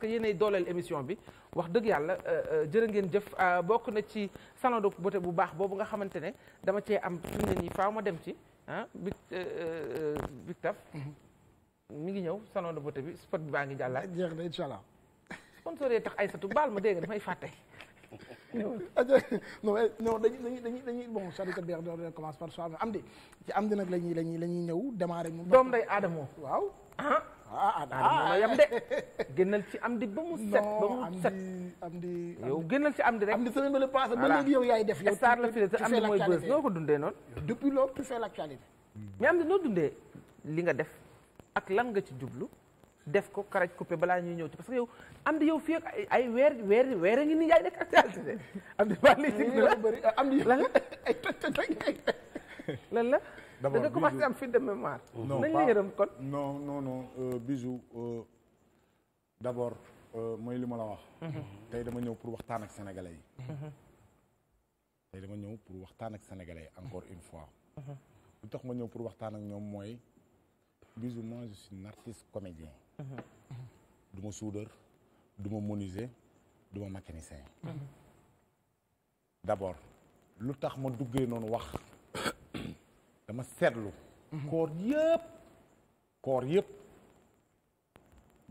que yéenay dooleel émission bi wax dëgg yàlla euh, euh, jërë ngeen jëf euh, bokk na ci salon de beauté bu baax boobu nga xamante ne dama cee am fi faaw ma dem ci ah bi bi mhm. mi ngi ñëw salon de beauté bi spot bi baa ngi jeex na incha allah. sponsor yi tax Aïssatou baal ma dégg nga damay fàtte. Ah, non eh, non dañuy dañuy dañuy bon c'est-à-dire que doo doo commence par soi am di ci am nag la ñuy la ñuy la ñuy ñëw démarrer moom. doom day aadamoo waaw. Ah, ah, ah ma yem de génnal ci am di ba mu set ba mu set am di yow génnal ci am di rek am di semaine bale passé ba léegi yow yaay def yow star la fi de di mooy bës noo ko dundee noonu depuis loolu tu fais l'actualité mais am di noo dundee li nga def ak lan nga ci jublu def ko karaj coupé balaa ñuy ñëw ci parce que yow am di yow fii ak ay weer weer weer a ngi nii yaay nekk actualité de am di ba léegi am di lan la lan la d' abord da nga commencé am fii de mémoire. nañ la yërëm kon euh, euh, euh, mooy li ma la wax. Mhm. tey dama ñëw pour waxtaan ak sénégalais yi. Mhm. tey dama ñëw pour waxtaan ak sénégalais yi encore une fois. Mhm. lu tax ma ñëw pour waxtaan ak ñoom mooy Bijou moi je suis un artiste comédien. du ma soudeur du ma menuisier du ma d' abord lu tax ma duggee noonu wax. dama seetlu koor yëpp koor yëpp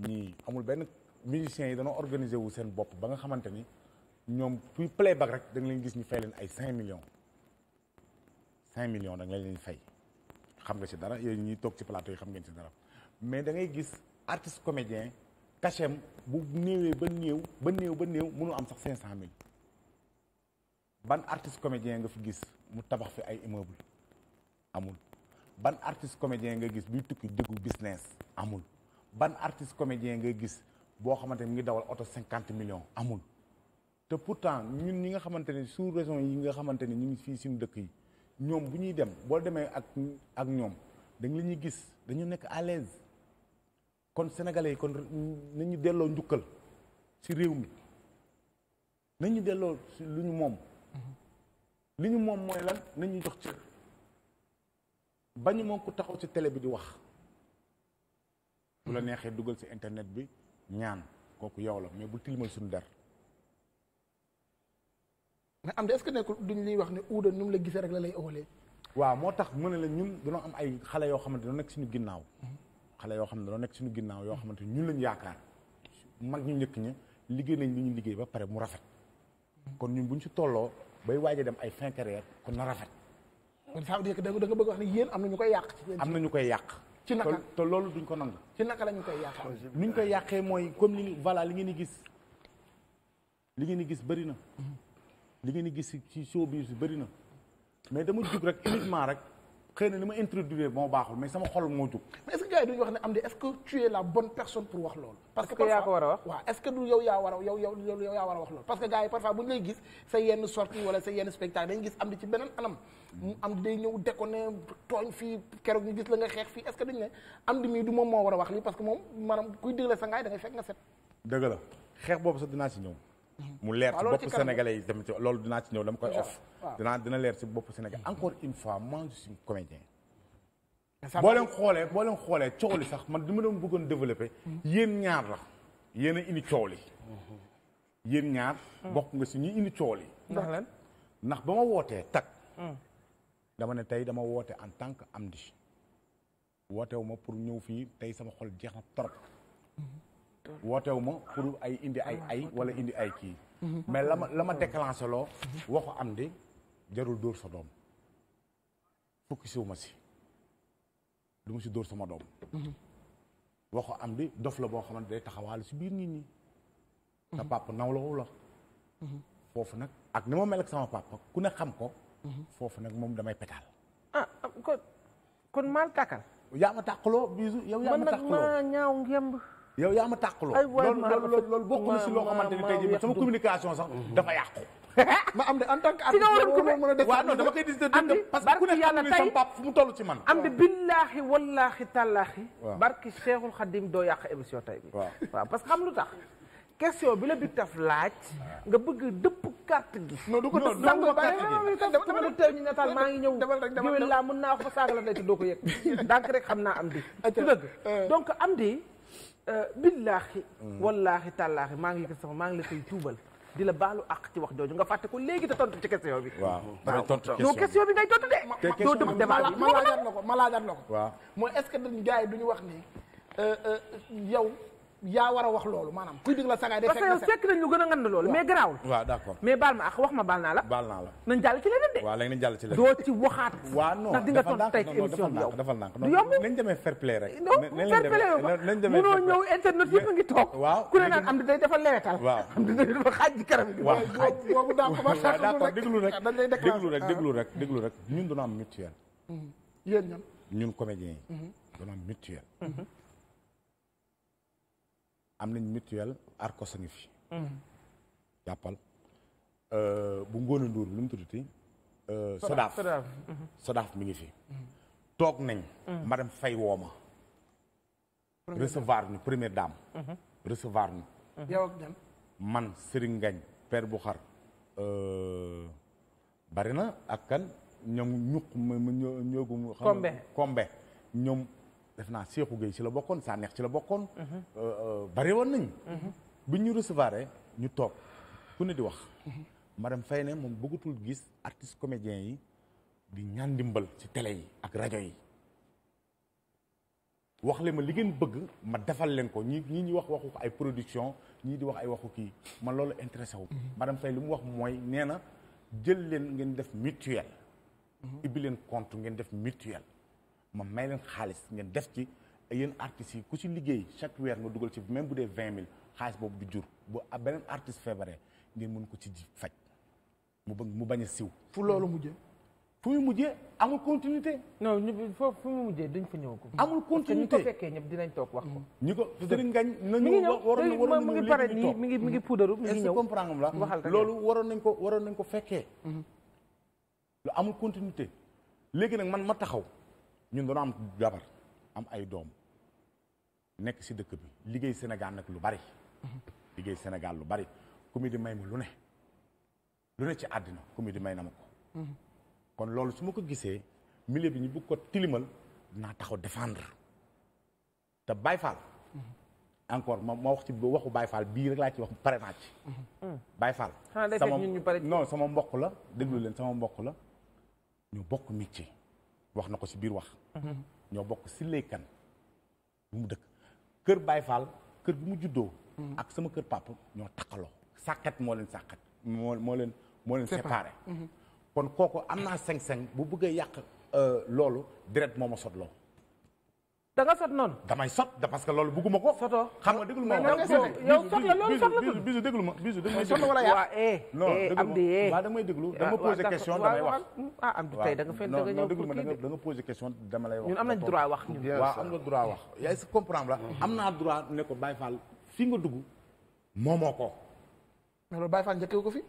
ñii amul benn musiciens yi dañoo organiser wu seen bopp ba nga xamante ni ñoom fuy playback rek da leen gis ñu fay leen ay cinq millions cinq millions da nga leen fay xam nga ci dara yéen ñuy toog ci plateau yi xam ngeen ci dara mais da ngay gis artiste comédien cachem bu néewee ba néew ba néew ba néew mënu am sax cinq cent mille ban artiste comédien nga fi gis mu tabax fi ay immeuble amul ban artiste comédien nga gis buy tukki dëggu business amul ban artiste comédien nga gis boo xamante mi ngi dawal oto cinquante million amul te pour temps ñun ñi nga xamante ne su région yi nga xamante ne ñu ngi fii suñu dëkk yi ñoom bu ñuy dem boo demee ak ak ñoom dañ la ñuy gis dañu nekk à kon sénégalais yi kon nañu delloo njukkal si réew mi nañu delloo lu ñu moom mm-hmm. li ñu moom mooy lan nañu jox bañ moo ko taxaw ci tele bi di wax bu la mhm. neexee dugal ci internet bi ñaan kooku yow la mais bul tilimal suñu der mais am de est-ce que nekkul duñ liy wax ne uuda nu mu la gisee rek la lay oolee waaw moo tax mu ne la ñun dañoo am ay xale yoo xamante dañoo nekk suñu ginnaaw mhm. xale yoo xam ne dañoo nekk suñu ginnaaw yoo xamante ñun lañ yaakaar mag ñu njëkk ña liggéey nañ li ñu liggéey ba pare mu rafet mhm. kon ñun buñ ci tolloo bay waaja dem ay fin kon na rafet kon ça veut dire que da nga bëgg wax ne yéen am na ñu koy yàq. am na ñu koy yàq. ci naka te loolu duñ ko nangu. ci naka la koy yàq. lu ñu koy yàqee mooy comme ni voilà li ngeen di gis li ngeen di gis bëri na. Mhm. li ngeen di gis ci showbiz bi bëri na mais dama jug rek uniquement rek. xëy na li ma introduire moo baaxul mais sama xol moo jug mais est-ce yi duñu wax ne am de est-ce la bonne personne pour wax loolu parce que a wax waaw est-ce a yow yow parce que bu ñu lay gis sa yenn sortie wala sa yenn spectacle dañu gis am di ci beneen anam mu am di day ñëw déconné tooñ fii keroog ñu gis la nga xeex fii est-ce ne am di mii du moom moo war a wax lii parce que moom maanaam kuy déglee sa ngaay da ngay fekk nga set dëgg la xeex boobu sax dinaa si ñëw Mm-hmm. mu leer ci bopp sénégalais yi tamit loolu dinaa ci ñëw dama koy off dinaa dina leer ci bopp sénégal mm-hmm. encore une fois moi je suis comédien boo leen xoolee boo leen xoolee coow li sax man di ma doon bëggoon développé mm-hmm. yéen ñaar la yéen a indi coow li yéen ñaar mm. bokk nga si ñu indi coow ndax lan ndax ba ma wootee tag mm. dama ne tey dama woote en tant que Amdy wootewu ma pour ñëw fii tey sama xol jeex na trop wootewu ma pour ay indi ay ah, ay wala indi ay kii mhm. mais la ma la ma déclenché loo waxu am di jarul dóor sa doom fukki siwu ma si du ma si dóor sama doom mhm. waxu am di dof la boo xamante day taxawaale si biir nit ñi sa papa nawlawu la mhm. foofu nag ak ni ma mel sama papa ku ne xam ko foofu nag moom damay pétaal ah kon maal tàkkal yaa ma tàqaloo bisu yow nag maa ñaaw ngemb yow yaa ma tàqloo loolu loolu bokk na si loo xamante ni tey jii sama communication sax mm-hmm. dafa yàqu ma am de en tant que am non dama koy disde parce que ku ne yàlla tey sama pap fu mu toll am de billaahi wallaahi tallaahi bi waaw parce que la bi bëgg dëpp carte gi non du ko dëpp dama la teew ñu nataal maa ngi ñëw géwél laa mën naa wax ba saaga la day te doo ko yëg donc rek xam naa am di su dëgg euh. donc am di Euh, billaahi wallaahi tàllaahi maa ngi yëkkati sama maa ngi la koy di la baalu àq ci wax jooju nga fàtte ko léegi te tontu ci question bi. waaw pare tontu question bi question bi ngay tontu de. te question bi ma laajaat na ko ma laajaat la ko. waaw mooy est-ce que dañu gars yi duñu wax ni euh, euh, yow. yaa war a wax loolu maanaam kuy dig la sagaay day fekk parce que fekk gën a ngand loolu mais garaawul waaw d'accord mais baal ma ak wax ma baal naa la baal naa la nañ jàll ci leneen de waaw léegi nañ jàll ci leneen doo ci waxaat waaw non ndax di nga toon tey émission bi nañ a day dafa lewetal waaw daa ko ba d'accord déglu rek dañ lay déglu rek déglu rek ah. déglu rek ñun duna am mutuel hmm. yéen ñun ñun comédiens yi hmm. duna mutuel hmm. am nañ mutuel Arcos a ngi fi. Mm-hmm. jàppal euh, bu ngóone nduur bi lu mu tuddati. Euh, Sodaaf mm-hmm. Sodaaf mi ngi fi. Mm-hmm. toog nañ. madame Faye woo ma. recevoir ñu première dame. recevoir ñu. man Serigne Ngagne père bu xar. Euh, bari na ak kan ñoom ñuq ma ma ñoo ñoogu. Kombe Kombe ñoom. def naa Cheikhou Gueye ci la bokkoon Sanex ci la bokkoon. Mhm. Euh, euh, bari woon nañ mhm. bi ñu recevoir ñu toog ku ne di wax. Mhm. madame Faye ne moom bëggatul gis artiste comédien yi di ñaan dimbal ci tele yi ak rajo yi. wax le ma li ngeen bëgg ma defal leen ko ñi ñii ñi wax waxu ay production ñii di wax ay waxu kii ma loolu intéressé wu. madame Faye li mu wax mooy nee na jël leen ngeen def mutuel. ibbi leen compte ngeen def mutuel. ma may leen xaalis ngeen def ci yéen artistes yi ku ci liggéey chaque weer nga dugal ci même bu dee vingt mille xaalis boobu bu jur bu beneen artist feebaree ngeen mun ko ci ji faj mu bëgg mu bañ a siw. fu loolu mujjee. fu mu mujjee amul continuité. non ñu foofu fu mu fa ñëw ko. amul continuité parce que ñi ñëpp dinañ toog wax ko. Mm-hmm. ñi ko Serigne Ngagne. nañu waroon waroon nañu léegi ñu mi ngi mi ngi puudaru mi ngi ñëw comprendre nga la loolu waroon nañ ko waroon nañ ko fekkee. Mm-hmm. amul continuité léegi nag man ma taxaw ñun dañoo am jabar am ay doom nekk si dëkk bi liggéey Sénégal nag lu bari liggéey Sénégal lu bari ku mi di may ma lu ne lu ne ci àddina ku mi di may na ma ko kon loolu su ma ko gisee milieu bi ñu bëgg ko tilimal dinaa taxaw défendre te Baye Fall encore ma ma wax ci waxu Baye bii rek laa ci wax pare naa ci Baye Fall sama non sama mbokk la déglu leen sama mbokk la ñu bokk ci wax na ko ci biir wax mhm. ñoo bokk si laykan bu mu dëkk kër Baye Fall kër bi mu juddoo mhm. ak sama kër papa ñoo takkaloo sàkkat moo leen sàkkat moo moo leen moo leen séparé mhm. kon kooku am naa sañ-sañ bu bëggee yàq euh, loolu deret moo ma sotloo da nga sot noonu. damay sot parce que loolu bëgguma ko. sotoo xam nga déglu ma sot la loolu sot la ma bisu déglu ma sot wala yaa eh, non eh, Amdi eh. waaw damay déglu dama posé question damay wax mm, ah Amdi da nga fay da nga da nga posé question dama lay wax ñun am nañ droit wax ñun waaw am nga droit wax mm-hmm. yaa ngi comprendre la am naa droit ne ko Baye Fall fi nga dugg moomoo ko mais loolu Baye ko fi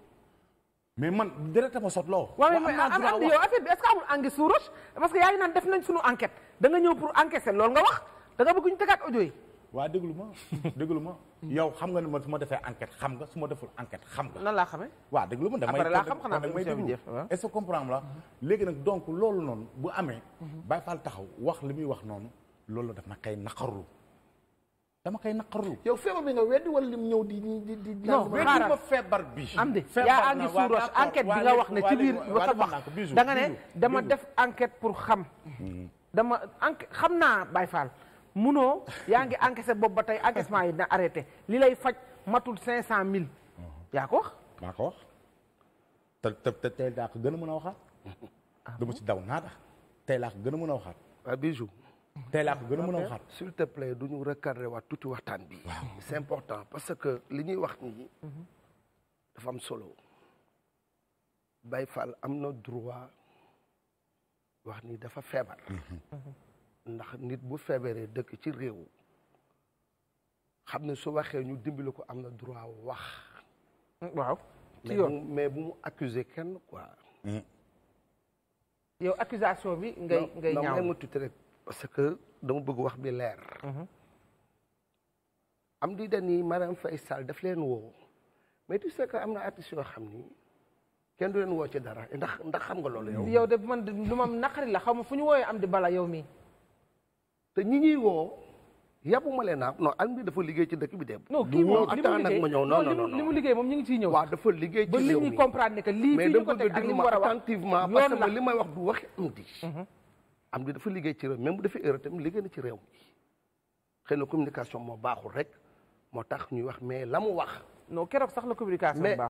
mais man deret a ma sotloo. waaw mais am am yow affaire bi est-ce que amul anguille sous parce que yaa ngi naan def nañ suñu enquête da nga ñëw pour enquêter loolu nga wax da nga bëgg ñu tegaat audio yi. waa déglu ma déglu ma yow xam nga ne ma su ma defee enquête xam nga su ma deful enquête xam nga. nan laa xamee. waa déglu ma damay après laa xam xanaa damay déglu est-ce que comprendre la léegi nag donc loolu noonu bu amee. Mhm. Baye taxaw wax li muy wax noonu loolu daf ma kay naqarlu. dama koy naqarlu. yow feebar bi nga weddi wala lim ñëw di di di. non weddi ma feebar bi. am de yaa àndi suuros enquête bi nga wax ne ci biir wax wax da nga ne dama def enquête pour xam. Mhm. dama enquête xam naa Baye Fall munoo yaa ngi encaissé boobu ba tey encaissement yi na arrêté li lay faj matul cinq cent mille. Mhm. yaa ko wax. maa ko wax te te te tey daa ko gën a mën a waxaat. Ah dama ci daw naata tey laa ko gën a mën a waxaat. waaw ah, tey laa ko gën a mën a waxaat s'il te plaît du ñu recadré waat tuuti waxtaan bi c'est important parce que li ñuy wax nii mhm. dafa am solo bay Fall am na droit wax ni dafa feebar mhm. Mhm. ndax nit bu feebaree dëkk ci réew xam ne su waxee ñu dimbali ko am na droit wax waaw mais bu mu accuser kenn quoi yow accusation bi ngay ngay ñaaw ma tuuti rek parce que dama bëgg wax bi leer. Mhm. am di dañuy Marième Faye Sall daf leen woo mais tu sais am na artistes yoo xam ni kenn du leen woo ci dara ndax xam nga loolu yow. yow de man lu la xaw ma fu ñu am di bala yow mii. te ñi woo yàbu ma leen a non am dafa liggéey ci dëkk bi de. non kii moom li mu liggéey ma ñëw non non non li mu liggéey moom ñu ngi ciy ñëw. waaw dafa liggéey ci réew mi ba nit ñi comprendre ne que lii fii ñu ko teg ak li mu war a wax mais dama ko déglu ma attentivement parce que li may wax du waxi am di. Mhm. am di dafa liggéey ci réew même bu defee erreur tamit liggéey na ci réew xëy na communication moo baaxul rek moo tax ñuy wax mais la mu wax. non keroog sax la communication baax.